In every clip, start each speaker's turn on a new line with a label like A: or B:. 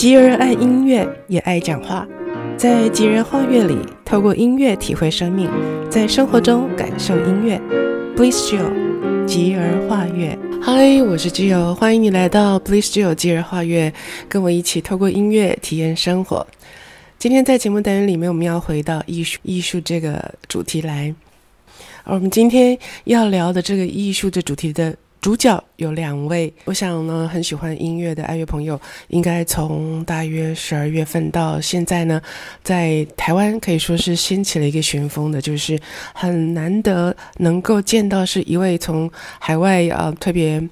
A: 吉爾愛音樂，也愛講話。在吉爾話樂裡，透過音樂體會生命，在生活中感受音樂。Bless Jill，吉爾話樂。嗨，我是吉爾，歡迎你來到 Bless Jill，吉爾話樂。跟我一起透過音樂體驗生活。今天在節目單元裡面，我們要回到藝術藝術這個主題來。而我們今天要聊的這個藝術的主題的。主角有兩位，我想呢，很喜歡音樂的愛樂朋友，應該從大約十二月份到現在呢，在台灣可以說是掀起了一個旋風的，就是很難得能夠見到是一位從海外，呃，特別。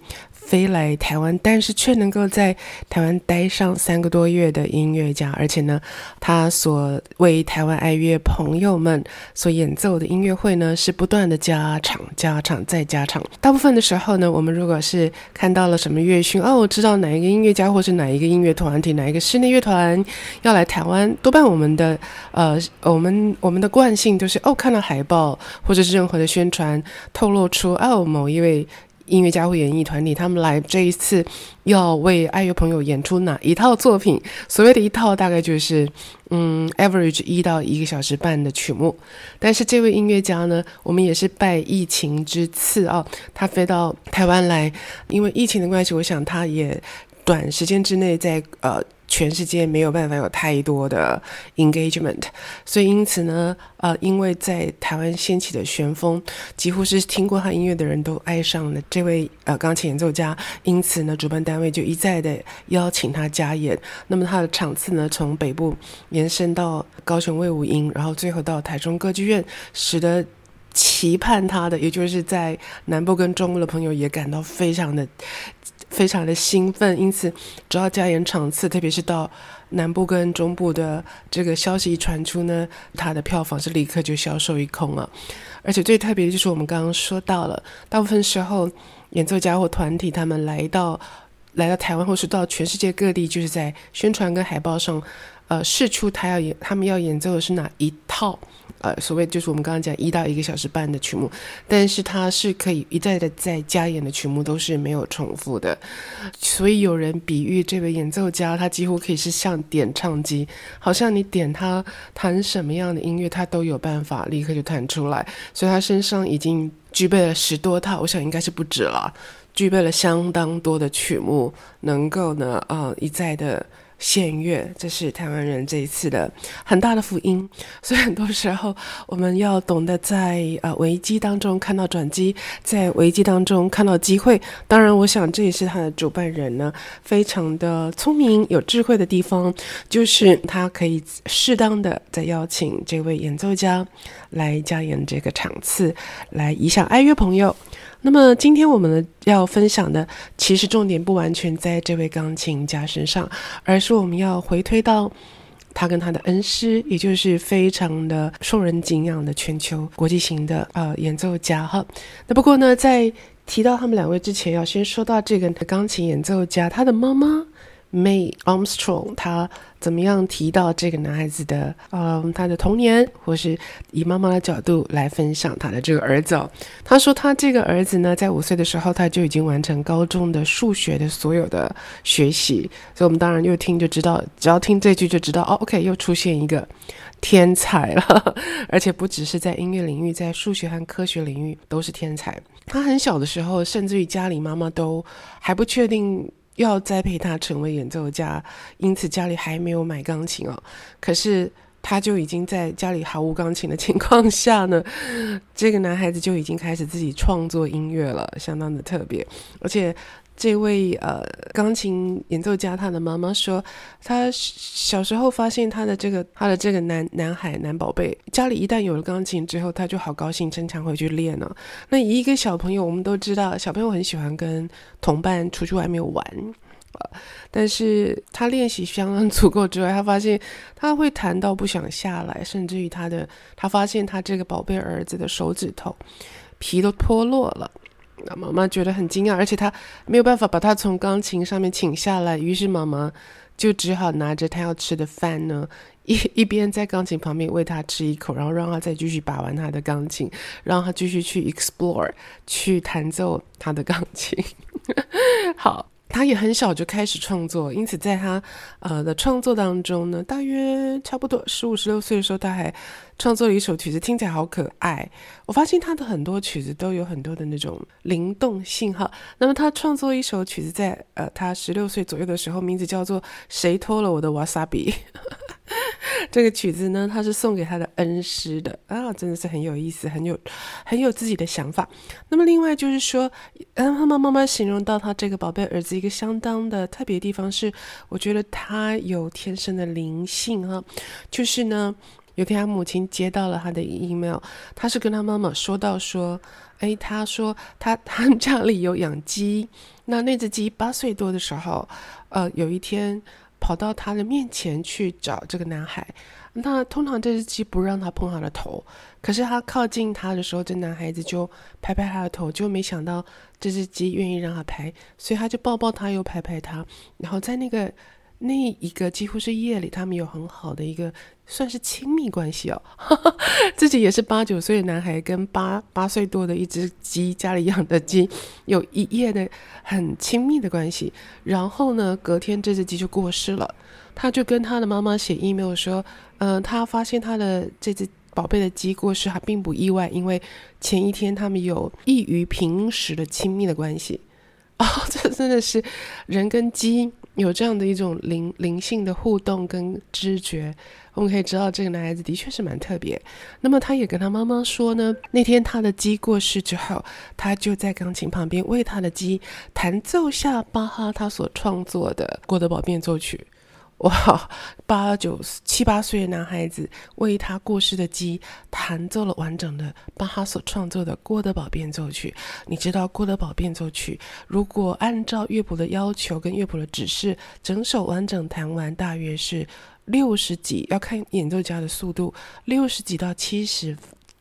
A: 飛來台灣，但是卻能夠在台灣待上三個多月的音樂家，而且呢，他所為台灣愛樂朋友們所演奏的音樂會呢，是不斷的加場、加場、再加場。大部分的時候呢，我們如果是看到了什麼樂訊，哦，知道哪一個音樂家或是哪一個音樂團體、哪一個室內樂團要來台灣，多半我們的呃，我們我們的慣性就是哦，看到海報或者是任何的宣傳透露出哦，某一位。音樂家或演藝團體，他們來這一次，要為愛樂朋友演出哪一套作品？所謂的一套，大概就是，嗯，average 一到一個小時半的曲目。但是這位音樂家呢，我們也是拜疫情之賜啊、哦，他飛到台灣來，因為疫情的關係，我想他也短時間之內在呃。全世界沒有辦法有太多的 engagement，所以因此呢，呃，因為在台灣掀起的旋風，幾乎是聽過他音樂的人都愛上了這位呃鋼琴演奏家，因此呢，主辦單位就一再的邀請他加演。那麼他的場次呢，從北部延伸到高雄衛武營，然後最後到台中歌劇院，使得。期盼他的，也就是在南部跟中部的朋友也感到非常的、非常的興奮。因此，只要加演場次，特別是到南部跟中部的這個消息一傳出呢，他的票房是立刻就銷售一空了。而且最特別的就是我們剛剛說到了，大部分時候演奏家或團體他們來到來到台灣或是到全世界各地，就是在宣傳跟海報上，呃，示出他要演他們要演奏的是哪一套。呃，所謂就是我們剛剛講一到一個小時半的曲目，但是他是可以一再的再加演的曲目都是沒有重複的，所以有人比喻這位演奏家，他幾乎可以是像點唱機，好像你點他彈什麼樣的音樂，他都有辦法立刻就彈出來。所以他身上已經具備了十多套，我想應該是不止了，具備了相當多的曲目，能夠呢呃，一再的。弦樂，這是台灣人這一次的很大的福音。所以很多時候，我們要懂得在呃危機當中看到轉機，在危機當中看到機會。當然，我想這也是他的主辦人呢，非常的聰明有智慧的地方，就是他可以適當的再邀請這位演奏家來加演這個場次，來一下愛樂朋友。那麼，今天我們要分享的，其實重點不完全在這位鋼琴家身上，而是我們要回推到他跟他的恩師，也就是非常的受人敬仰的全球國際型的呃演奏家哈。那不過呢，在提到他們兩位之前，要先說到這個鋼琴演奏家他的媽媽。May Armstrong 他怎麼樣提到這個男孩子的嗯、呃，他的童年，或是以媽媽的角度來分享他的這個兒子。哦。他說他這個兒子呢，在五歲的時候他就已經完成高中的數學的所有的學習，所以我們當然又聽就知道，只要聽這句就知道哦，OK 又出現一個天才了， 而且不只是在音樂領域，在數學和科學領域都是天才。他很小的時候，甚至於家裡媽媽都還不確定。要栽培他成為演奏家，因此家裡還沒有買鋼琴哦。可是他就已經在家裡毫無鋼琴的情況下呢，這個男孩子就已經開始自己創作音樂了，相當的特別，而且。這位呃，鋼琴演奏家他的媽媽說，他小時候發現他的這個他的這個男男孩男寶貝家裡一旦有了鋼琴之後，他就好高興，經常回去練了。那一個小朋友，我們都知道，小朋友很喜歡跟同伴出去外面玩，沒有玩，但是他練習相當足夠之外，他發現他會彈到不想下來，甚至於他的他發現他這個寶貝兒子的手指頭皮都脫落了。那媽媽覺得很驚訝，而且她沒有辦法把他從鋼琴上面請下來，於是媽媽就只好拿着他要吃的飯呢，一一邊在鋼琴旁邊餵他吃一口，然後讓他再繼續把玩他的鋼琴，讓他繼續去 explore，去彈奏他的鋼琴， 好。他也很小就開始創作，因此在他，呃的創作當中呢，大約差不多十五十六歲的時候，他還創作了一首曲子，聽起來好可愛。我發現他的很多曲子都有很多的那種靈動性哈。那麼他創作一首曲子在呃他十六歲左右的時候，名字叫做《誰偷了我的哇沙比》。 這個曲子呢，他是送給他的恩師的啊，真的是很有意思，很有很有自己的想法。那麼另外就是說，慢慢媽媽形容到他這個寶貝兒子一個相當的特別的地方是，我覺得他有天生的靈性哈、啊。就是呢，有天他母親接到了他的 email，他是跟他媽媽說到說，誒，他說他他們家裡有養雞，那那隻雞八歲多的時候，呃，有一天。跑到他的面前去找這個男孩，那通常這隻雞不讓他碰他的頭，可是他靠近他的時候，這男孩子就拍拍他的頭，就沒想到這隻雞願意讓他拍，所以他就抱抱他，又拍拍他，然後在那個那一個幾乎是夜裡，他們有很好的一個。算是親密關係哦，哈哈，自己也是八九歲的男孩，跟八八歲多的一隻雞，家裡養的雞，有一夜的很親密的關係。然後呢，隔天這隻雞就過世了，他就跟他的媽媽寫 email 說，嗯、呃，他發現他的這隻寶貝的雞過世，還並不意外，因為前一天他們有異於平時的親密的關係。哦，這真的是人跟雞。有這樣的一種靈靈性的互動跟知覺，我們可以知道這個男孩子的確是蠻特別。那麼他也跟他媽媽說呢，那天他的雞過世之後，他就在鋼琴旁邊為他的雞彈奏下巴哈他所創作的《郭德堡變奏曲》。哇，八九七八歲的男孩子為他過世的雞彈奏了完整的巴哈所創作的《郭德堡變奏曲》。你知道《郭德堡變奏曲》？如果按照樂譜的要求跟樂譜的指示，整首完整彈完大約是六十幾，要看演奏家的速度，六十幾到七十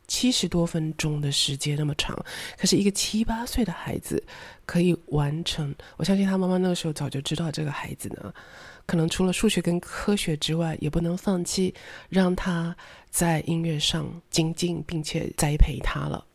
A: 七十多分鐘的時間那麼長。可是，一個七八歲的孩子可以完成。我相信他媽媽那個時候早就知道這個孩子呢。可能除了數學跟科學之外，也不能放棄讓他在音樂上精進，並且栽培他了。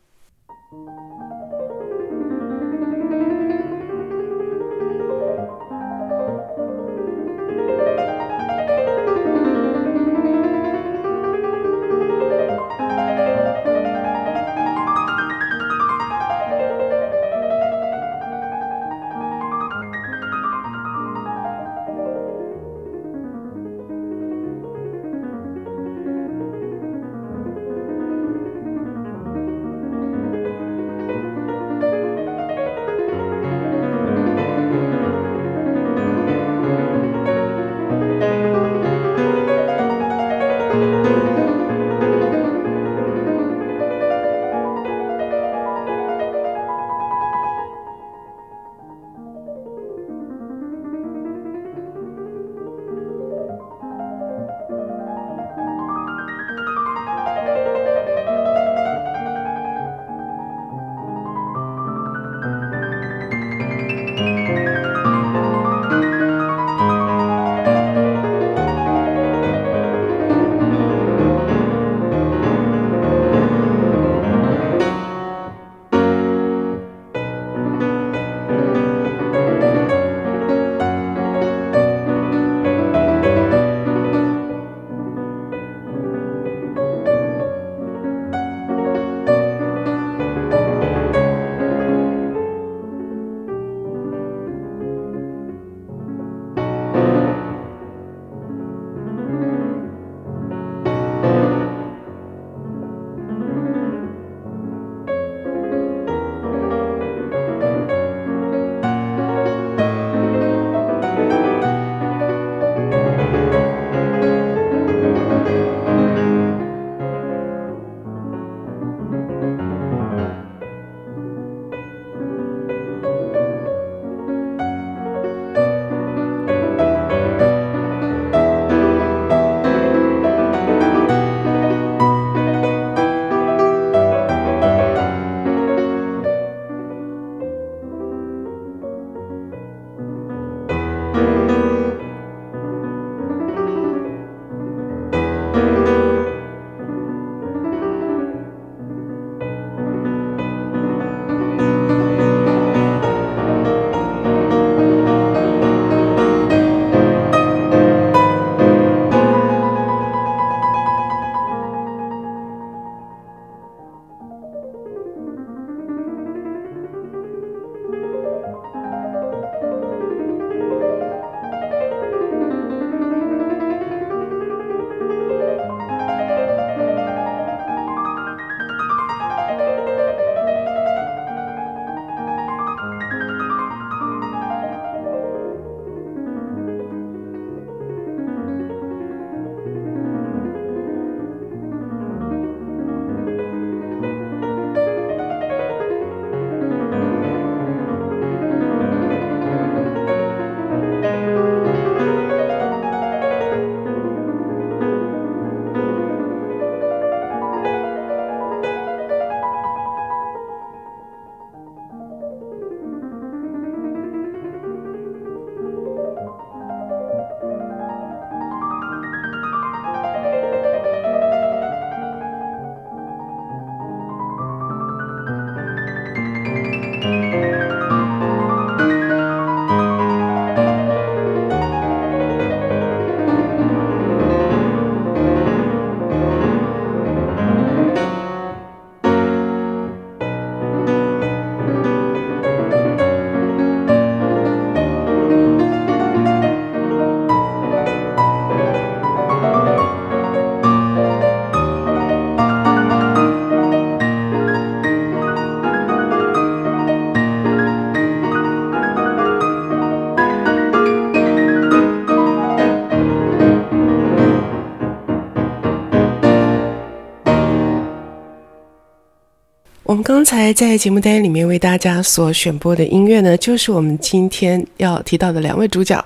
A: 剛才在節目單裡面為大家所選播的音樂呢，就是我們今天要提到的兩位主角。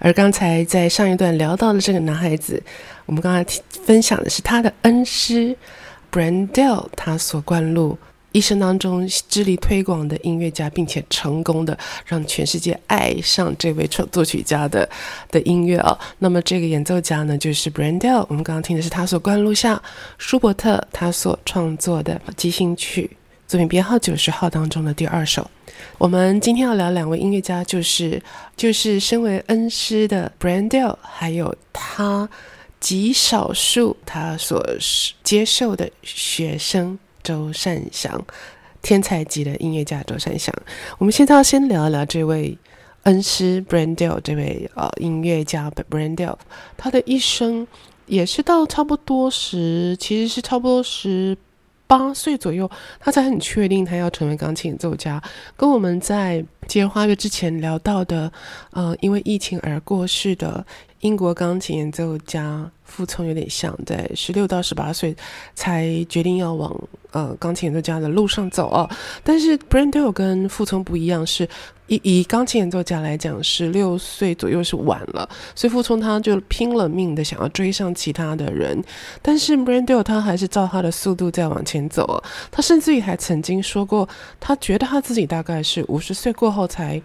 A: 而剛才在上一段聊到的這個男孩子，我們剛才分享的是他的恩師 Brendel，他所灌錄一生當中致力推廣的音樂家，並且成功的讓全世界愛上這位作曲家的的音樂哦，那麼這個演奏家呢，就是 Brendel。我們剛剛聽的是他所灌錄下舒伯特他所創作的即興曲。作品編號九十號當中的第二首。我們今天要聊兩位音樂家，就是就是身為恩師的 Brendel，還有他極少數他所接受的學生周善祥，天才級的音樂家周善祥。我們現在要先聊一聊這位恩師 Brendel，這位呃音樂家 Brendel，他的一生也是到差不多十，其實是差不多十。八歲左右，他才很確定他要成為鋼琴演奏家，跟我們在《接花月》之前聊到的，嗯、呃，因為疫情而過世的英國鋼琴演奏家傅聰有點像，在十六到十八歲才決定要往呃鋼琴演奏家的路上走啊、哦。但是 Brendel 跟傅聰不一樣，是。以以鋼琴演奏家來講，十六歲左右是晚了，所以傅聰他就拼了命的想要追上其他的人，但是 Brendel 他還是照他的速度在往前走，他甚至於還曾經說過，他覺得他自己大概是五十歲過後才。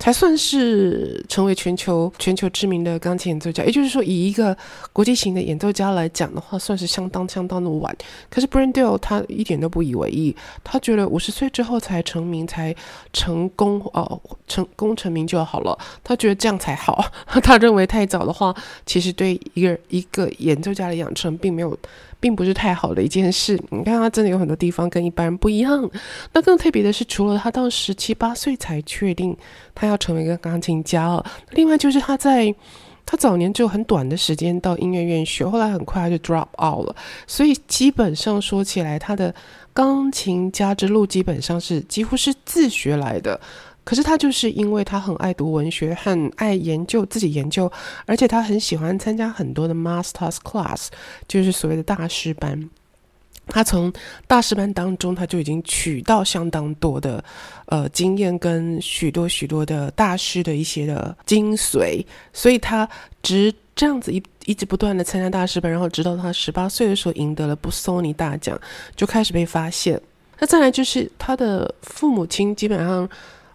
A: 才算是成為全球全球知名的鋼琴演奏家，也就是說，以一個國際型的演奏家來講的話，算是相當相當的晚。可是 Brendel 他一點都不以為意，他覺得五十歲之後才成名才成功哦，成功成名就好了，他覺得這樣才好。他認為太早的話，其實對一個一個演奏家的養成並沒有。並不是太好的一件事。你看，他真的有很多地方跟一般人不一樣。那更特別的是，除了他到十七八歲才確定他要成為一個鋼琴家了，另外就是他在他早年只有很短的時間到音樂院學，後來很快他就 drop out 了。所以基本上說起來，他的鋼琴家之路基本上是幾乎是自學來的。可是他就是因為他很愛讀文學，很愛研究，自己研究，而且他很喜歡參加很多的 master class，就是所謂的大師班。他從大師班當中，他就已經取到相當多的呃經驗跟許多許多的大師的一些的精髓。所以他直這樣子一一直不斷的參加大師班，然後直到他十八歲的時候贏得了布索尼大獎，就開始被發現。那再來就是他的父母親基本上。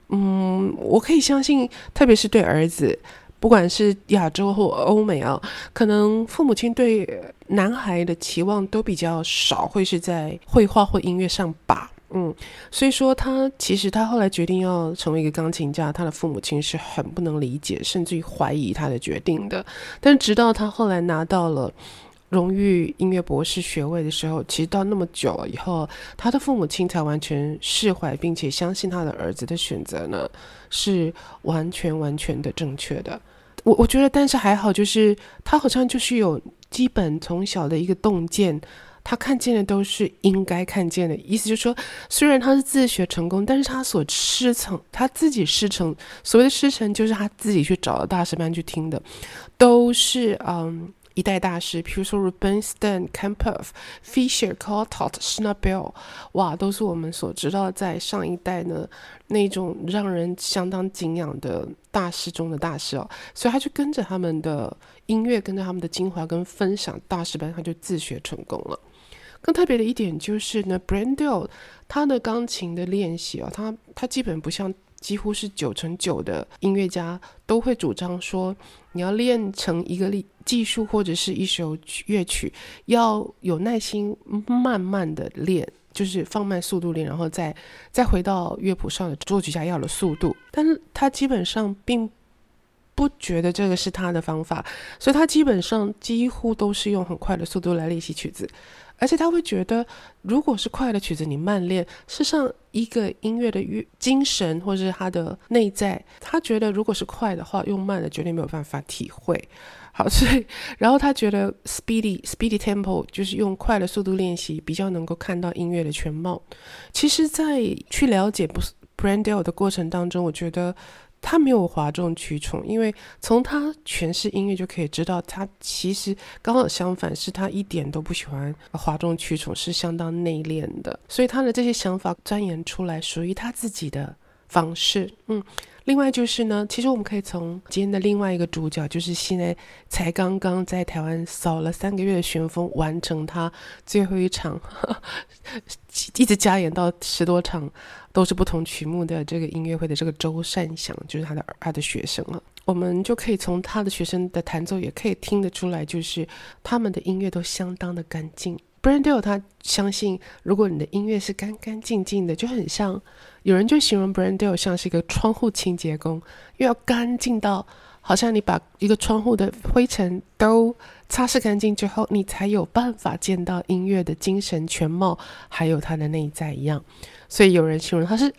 A: 嗯，我可以相信，特別是對兒子，不管是亞洲或歐美啊，可能父母親對男孩的期望都比較少，會是在繪畫或音樂上吧。嗯，所以說他其實他後來決定要成為一個鋼琴家，他的父母親是很不能理解，甚至於懷疑他的決定的。但是直到他後來拿到了。榮譽音樂博士學位的時候，其實到那麼久了以後，他的父母親才完全釋懷，並且相信他的兒子的選擇呢，是完全完全的正確的。我我覺得，但是還好，就是他好像就是有基本從小的一個洞見，他看見的都是應該看見的意思，就是說，雖然他是自學成功，但是他所師承，他自己師承所謂的師承，就是他自己去找了大師班去聽的，都是嗯。一代大師，比如說 Rubinstein、Kempff、Fischer、Cortot、Schnabel 哇，都是我們所知道在上一代呢，那種讓人相當敬仰的大師中的大師哦。所以他就跟着他們的音樂，跟着他們的精華，跟分享大師班，他就自學成功了。更特別的一點就是呢，Brendel 他的鋼琴的練習哦，他他基本不像幾乎是九成九的音樂家都會主張說，你要練成一個力。技術或者是一首樂曲，要有耐心，慢慢的練，就是放慢速度練，然後再再回到樂譜上的作曲家要的速度。但是他基本上並不覺得這個是他的方法，所以他基本上幾乎都是用很快的速度來練習曲子。而且他會覺得，如果是快的曲子，你慢練，事實上一個音樂的樂精神，或者是它的內在。他覺得，如果是快的話，用慢的絕對沒有辦法體會。好，所以然後他覺得，speedy speedy tempo 就是用快的速度練習，比較能夠看到音樂的全貌。其實，在去了解不 Brendel 的過程當中，我覺得。他沒有嘩眾取寵，因為從他詮釋音樂就可以知道，他其實剛好相反，是他一點都不喜歡嘩眾取寵，是相當內斂的。所以他的這些想法鑽研出來，屬於他自己的方式。嗯，另外就是呢，其實我們可以從今天的另外一個主角，就是現在才剛剛在台灣掃了三個月的旋風，完成他最後一場， 一直加演到十多場。都是不同曲目的這個音樂會的這個周善祥，就是他的他的學生了，啊。我們就可以從他的學生的彈奏，也可以聽得出來，就是他們的音樂都相當的乾淨。Brendel，他相信，如果你的音樂是乾乾淨淨的，就很像有人就形容 Brendel 像是一個窗戶清潔工，又要乾淨到。好像你把一個窗戶的灰塵都擦拭乾淨之後，你才有辦法見到音樂的精神全貌，還有它的內在一樣。所以有人形容他是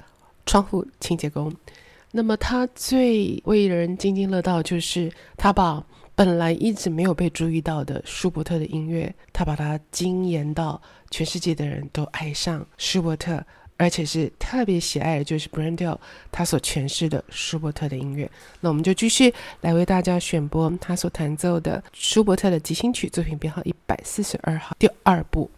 A: 窗戶清潔工。那麼他最為人津津樂道，就是他把本來一直沒有被注意到的舒伯特的音樂，他把它精研到全世界的人都愛上舒伯特。而且是特別喜愛的就是 Brendel 他所詮釋的舒伯特的音樂，那我們就繼續來為大家選播他所彈奏的舒伯特的即興曲作品編號一百四十二號第二部。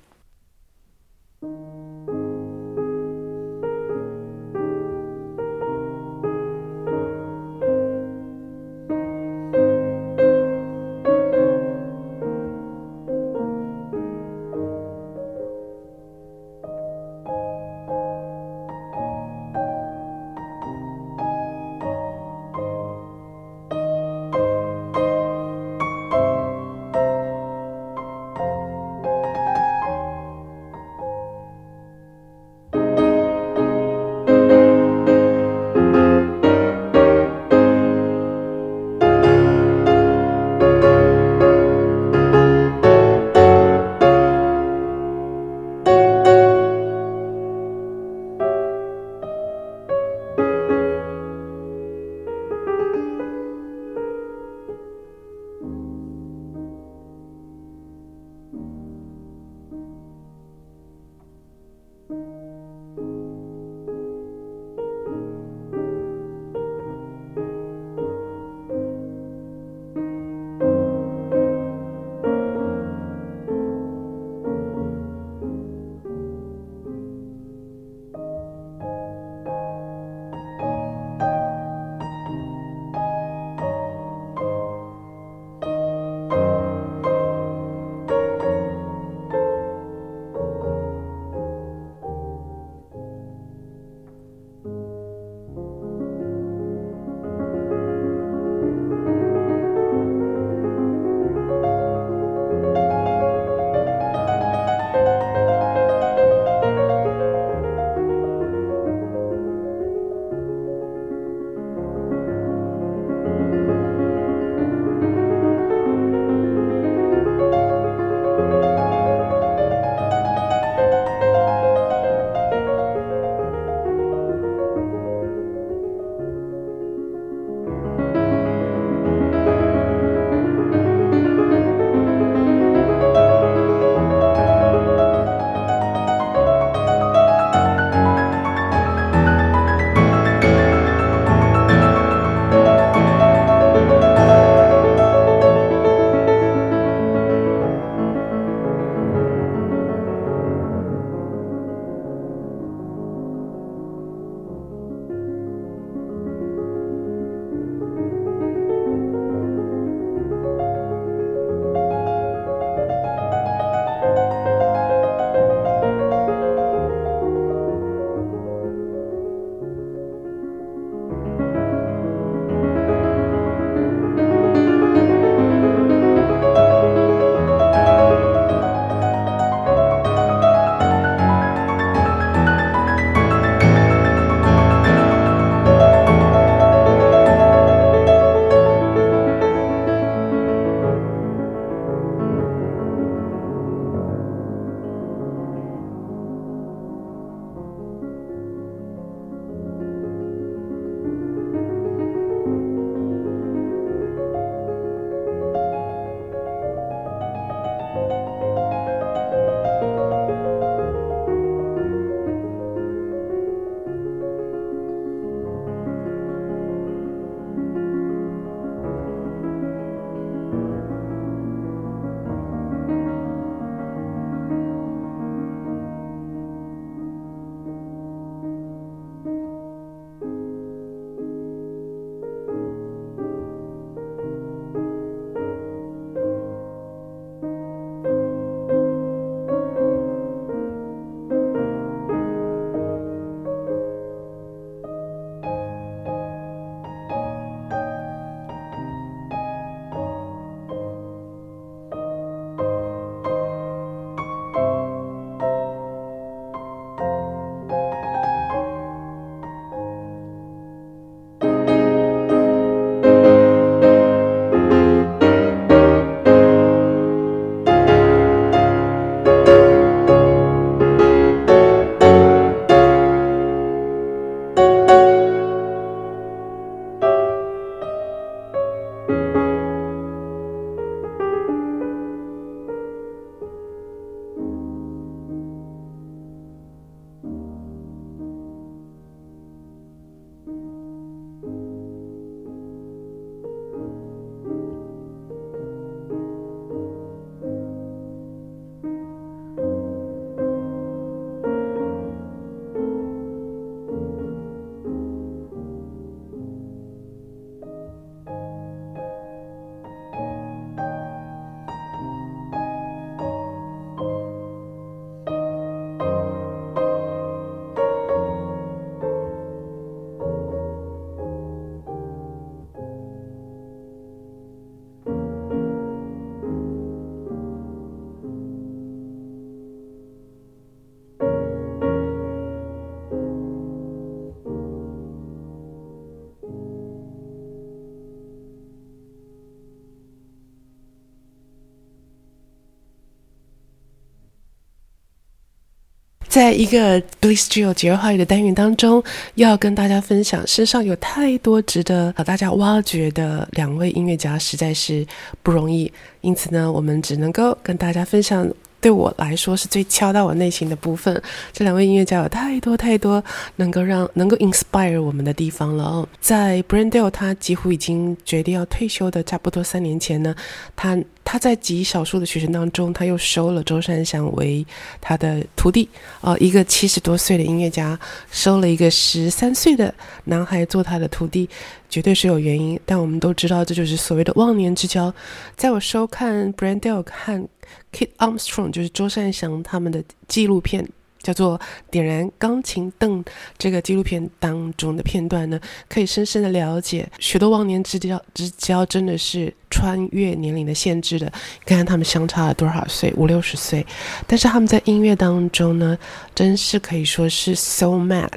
A: 在一個 Blissful Jazz 華語的單元當中，要跟大家分享，世上有太多值得和大家挖掘的兩位音樂家，實在是不容易。因此呢，我們只能夠跟大家分享對我來說是最敲到我內心的部分。這兩位音樂家有太多太多能夠讓能夠 inspire 我們的地方了哦。在 Brendel，他幾乎已經決定要退休的差不多三年前呢，他。他在極少數的學生當中，他又收了周善祥為他的徒弟。啊、呃，一個七十多歲的音樂家收了一個十三歲的男孩做他的徒弟，絕對是有原因。但我們都知道，這就是所謂的忘年之交。在我收看 Brendel 和 Kit Armstrong，就是周善祥他們的紀錄片。叫做《點燃鋼琴凳》這個紀錄片當中的片段呢，可以深深的了解許多忘年之交之交真的是穿越年齡的限制的。看看他們相差了多少歲，五六十歲，但是他們在音樂當中呢，真是可以說是 so mad。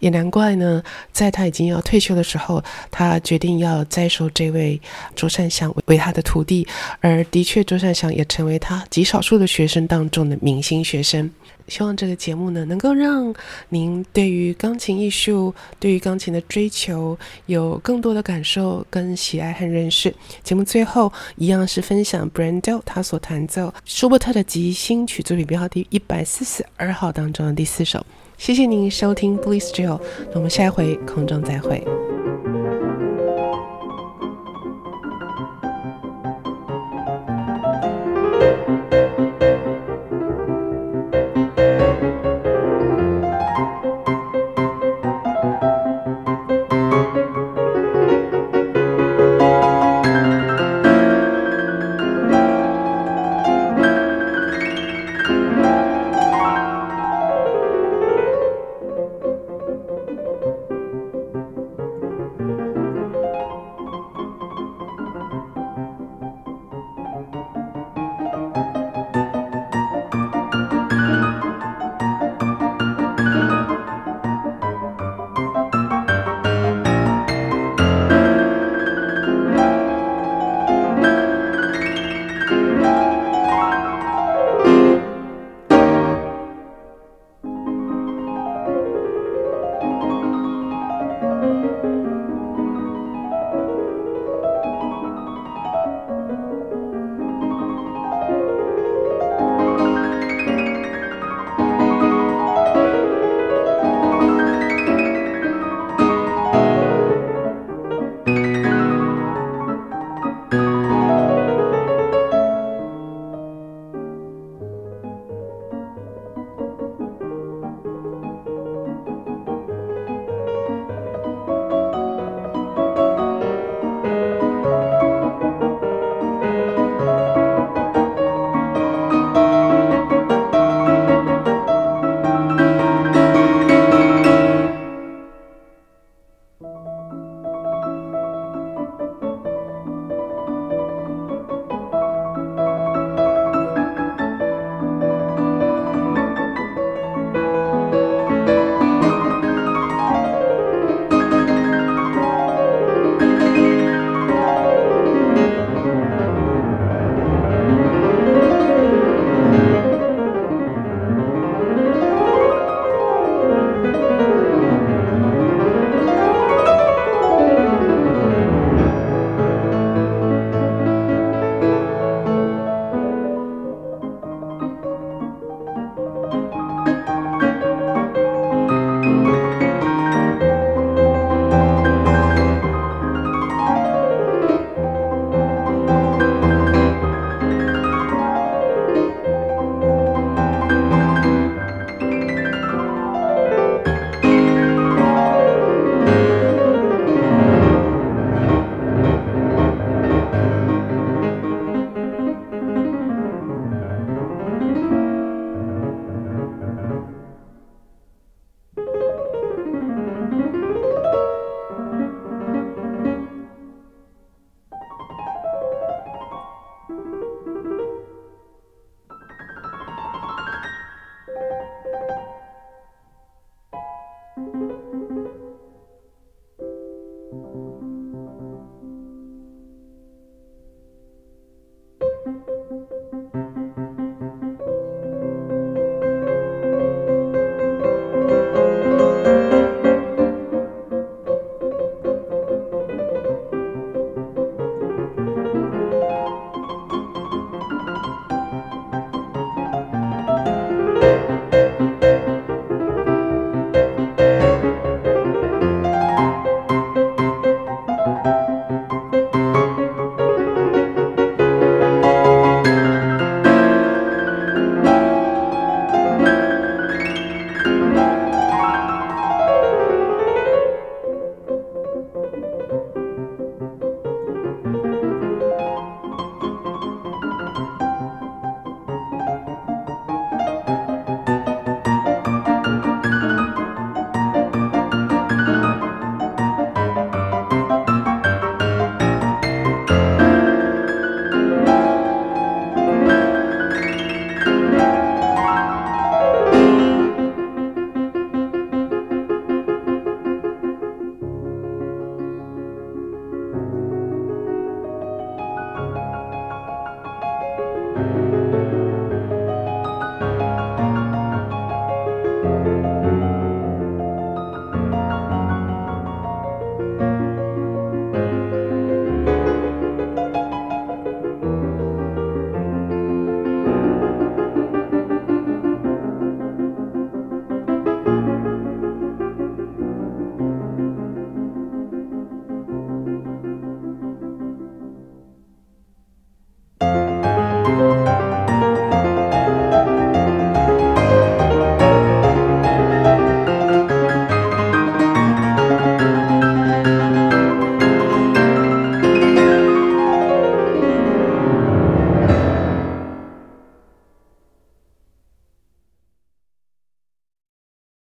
A: 也難怪呢，在他已經要退休的時候，他決定要再收這位周善祥為他的徒弟，而的確，周善祥也成為他極少數的學生當中的明星學生。希望這個節目呢，能夠讓您對於鋼琴藝術、對於鋼琴的追求有更多的感受、跟喜愛和認識。節目最後一樣是分享 Brendel 他所彈奏舒伯特的即興曲作品編號第一百四十二號當中的第四首。謝謝您收聽《Please j o 那我們下一回空中再會。